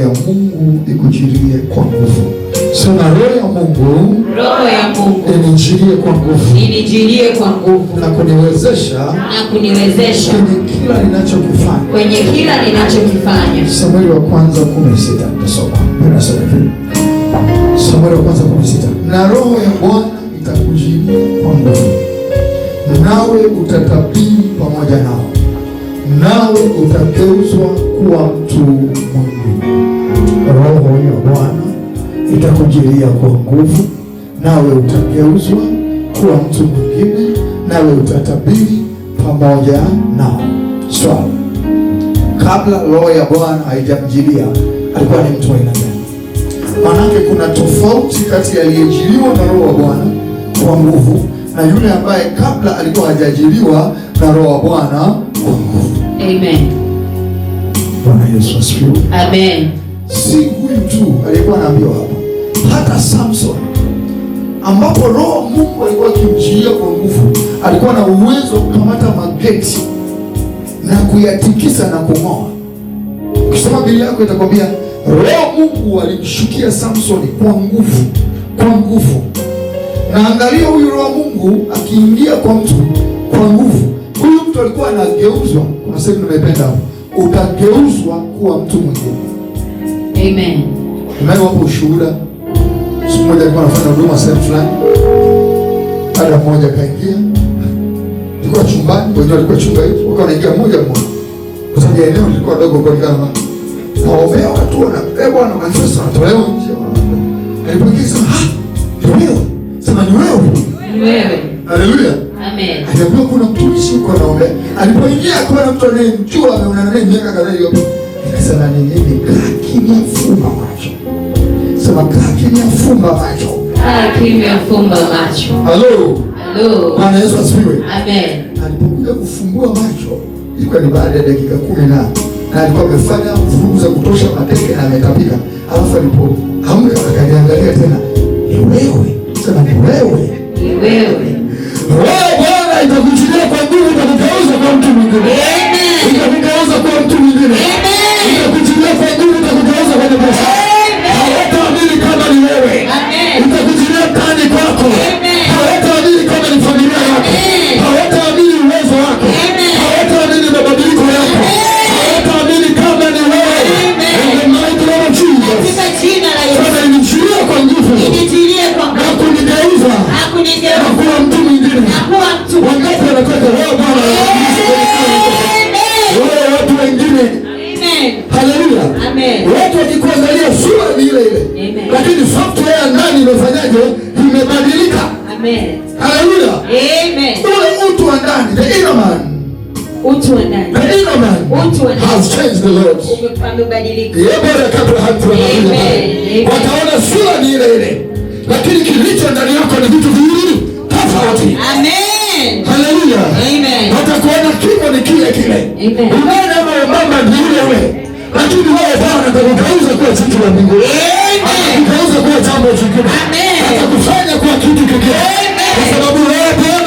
ya Mungu ikujirie kwa nguvu. Sema roho ya Mungu, inijirie kwa nguvu, na kuniwezesha, kwenye kila ninachokifanya, kwenye wa kwanza 16 nasoma, nasoma hivi wa kwanza 16, na roho ya Bwana itakujiria kwa nguvu nawe utatabii pamoja nao, nawe utageuzwa kuwa mtu mwingine. Roho ya Bwana itakujilia kwa nguvu, nawe utageuzwa kuwa mtu mwingine, nawe utatabiri pamoja nao. Swali, kabla roho ya Bwana haijamjilia alikuwa ni mtu aina gani? Maanake kuna tofauti kati ya aliyejiliwa na roho wa Bwana kwa nguvu na yule ambaye kabla alikuwa hajajiriwa na roho wa Bwana kwa nguvu. Amen. Bwana Yesu asifiwe. Amen. Si huyu tu alikuwa anaambiwa hapo, hata Samson ambapo roho Mungu alikuwa akimjia kwa nguvu, alikuwa na uwezo wa kukamata mageti na kuyatikisa na kung'oa. Ukisoma Biblia yako itakwambia roho Mungu alimshukia Samsoni kwa nguvu, kwa nguvu na angalia huyu roho Mungu akiingia kwa mtu kwa nguvu, huyu mtu alikuwa anageuzwa. Kuna sehemu nimependa hapo, utageuzwa kuwa mtu mwingine. Amen. Hapo ushuhuda, siku moja alikuwa anafanya huduma sehemu fulani, baada mmoja kaingia, alikuwa chumbani, wengine walikuwa chumba hicho, wakawa wanaingia mmoja mmoja, kwa sababu eneo lilikuwa dogo, kwa kama waomea watu, na eh, bwana, kanisa natolewa nje, alipoingia sema, ah ndio sema ni wewe, ni wewe. Haleluya, amen. Alikuwa kuna mtumishi huko naomba, alipoingia na mtu aliyemjua ameonana naye miaka kadhaa iliyopita, akasema ni nini? Kaa kimya, fumba macho. Sema kaki ni afumba macho. Kaki ni afumba macho. Halo, halo. Bwana Yesu asifiwe, amen. Alipokuja kufungua macho ilikuwa ni baada ya dakika kumi na na alikuwa amefanya vurugu za kutosha, mateke na amekapika, alafu alipo amka akaliangalia tena, ni wewe anasema ni wewe, ni wewe, wewe Utu wa ndani. Utu wa ndani. Has changed the Lord. Amebadilika. Yeye bora kabla hatuamini. Wataona sura ni ile ile. Lakini kilicho ndani yako ni vitu viwili tofauti. Amen. Hallelujah. Amen. Watakuona kimo ni kile kile. Amen. Unaona kama mama ni yule yule. Lakini wewe Bwana atakugeuza kuwa kitu cha Mungu. Amen. Atakugeuza kuwa jambo jingine. Amen. Atakufanya kuwa kitu kingine. Kwa sababu wewe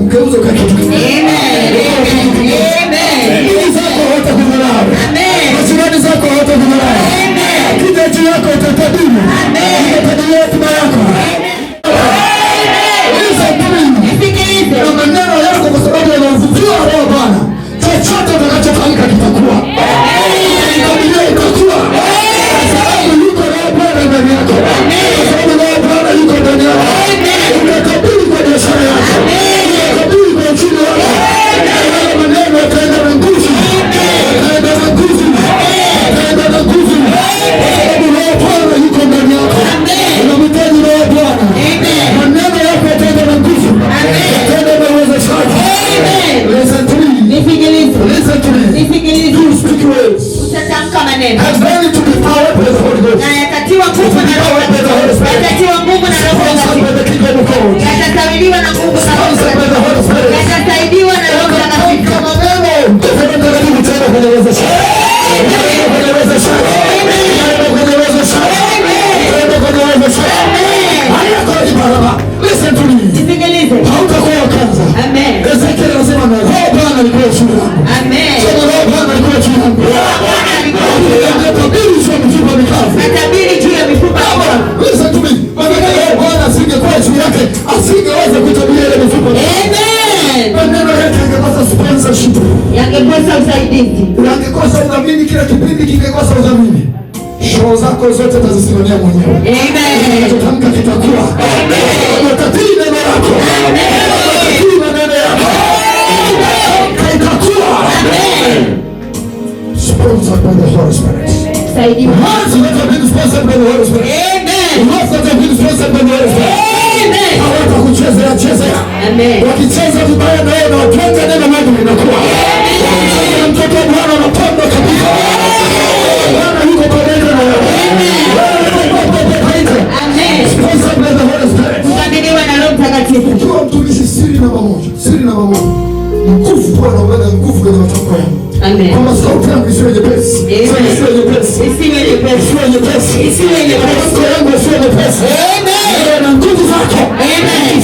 ukageuza ukakitu kingine. Amen. Amen. msaidizi. Ungekosa udhamini, kila kipindi kingekosa udhamini. Shoo zako zote tazisimamia mwenyewe. Amen. Unachotamka kitakuwa. Amen. Utatii neno lako. Amen. Utatii maneno yako. Kitakuwa. Amen. Sponsored by the Holy Spirit. Saidiwa. Hands that have been sponsored by the Holy Spirit. Amen. Hands that have been sponsored by the Holy Spirit. Amen. Hawatakuchezea chezea. Amen. Wakicheza vibaya na wewe na watonga neno maji linakuwa. Amen. Ukiwa mtumishi, siri namba moja, siri namba moja, nguvu kwa na ubada nguvu kwenye matakwa yako. Amen. Kama sauti yangu isiwe nyepesi. Amen. Isiwe nyepesi. Isiwe nyepesi. Isiwe nyepesi. Isiwe nyepesi. Isiwe nyepesi. Amen. Nguvu zako. Amen.